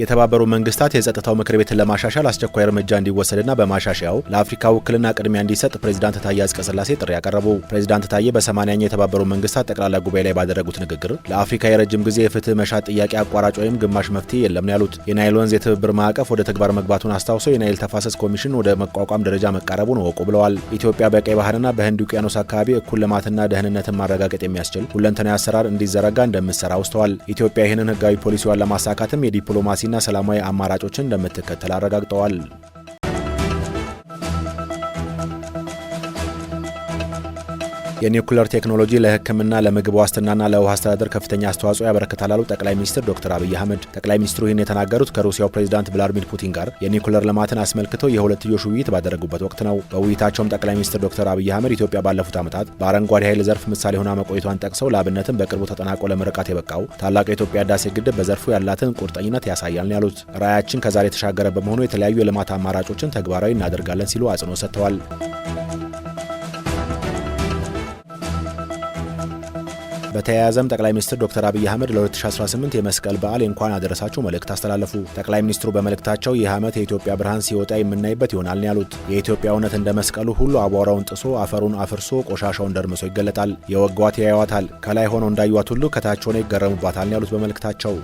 የተባበሩ መንግስታት የጸጥታው ምክር ቤትን ለማሻሻል አስቸኳይ እርምጃ እንዲወሰድና በማሻሻያው ለአፍሪካ ውክልና ቅድሚያ እንዲሰጥ ፕሬዚዳንት ታዬ አጽቀሥላሴ ጥሪ ያቀረቡ። ፕሬዚዳንት ታዬ በሰማንያኛው የተባበሩ መንግስታት ጠቅላላ ጉባኤ ላይ ባደረጉት ንግግር ለአፍሪካ የረጅም ጊዜ የፍትህ መሻት ጥያቄ አቋራጭ ወይም ግማሽ መፍትሄ የለም ነው ያሉት። የናይል ወንዝ የትብብር ማዕቀፍ ወደ ተግባር መግባቱን አስታውሰው የናይል ተፋሰስ ኮሚሽን ወደ መቋቋም ደረጃ መቃረቡን እወቁ ብለዋል። ኢትዮጵያ በቀይ ባህርና በህንድ ውቅያኖስ አካባቢ እኩል ልማትና ደህንነትን ማረጋገጥ የሚያስችል ሁለንተናዊ አሰራር እንዲዘረጋ እንደምትሰራ አውስተዋል። ኢትዮጵያ ይህንን ህጋዊ ፖሊሲዋን ለማሳካትም የዲፕሎማሲ ዲሞክራሲና ሰላማዊ አማራጮችን እንደምትከተል አረጋግጠዋል። የኒውክለር ቴክኖሎጂ ለሕክምና ለምግብ ዋስትናና ለውሃ አስተዳደር ከፍተኛ አስተዋጽኦ ያበረክታል አሉ ጠቅላይ ሚኒስትር ዶክተር አብይ አህመድ። ጠቅላይ ሚኒስትሩ ይህን የተናገሩት ከሩሲያው ፕሬዚዳንት ቭላዲሚር ፑቲን ጋር የኒውክለር ልማትን አስመልክተው የሁለትዮሽ ውይይት ባደረጉበት ወቅት ነው። በውይይታቸውም ጠቅላይ ሚኒስትር ዶክተር አብይ አህመድ ኢትዮጵያ ባለፉት ዓመታት በአረንጓዴ ኃይል ዘርፍ ምሳሌ ሆና መቆየቷን ጠቅሰው ለአብነትም በቅርቡ ተጠናቆ ለምርቃት የበቃው ታላቁ የኢትዮጵያ ህዳሴ ግድብ በዘርፉ ያላትን ቁርጠኝነት ያሳያል ነው ያሉት። ራዕያችን ከዛሬ የተሻገረ በመሆኑ የተለያዩ የልማት አማራጮችን ተግባራዊ እናደርጋለን ሲሉ አጽኖ ሰጥተዋል። በተያያዘም ጠቅላይ ሚኒስትር ዶክተር አብይ አህመድ ለ2018 የመስቀል በዓል እንኳን አደረሳችሁ መልእክት አስተላለፉ። ጠቅላይ ሚኒስትሩ በመልእክታቸው ይህ ዓመት የኢትዮጵያ ብርሃን ሲወጣ የምናይበት ይሆናል ያሉት። የኢትዮጵያ እውነት እንደ መስቀሉ ሁሉ አቧራውን ጥሶ አፈሩን አፍርሶ ቆሻሻውን ደርምሶ ይገለጣል። የወጓት ያዩዋታል፣ ከላይ ሆነው እንዳዩዋት ሁሉ ከታች ሆነው ይገረሙባታል ያሉት በመልእክታቸው።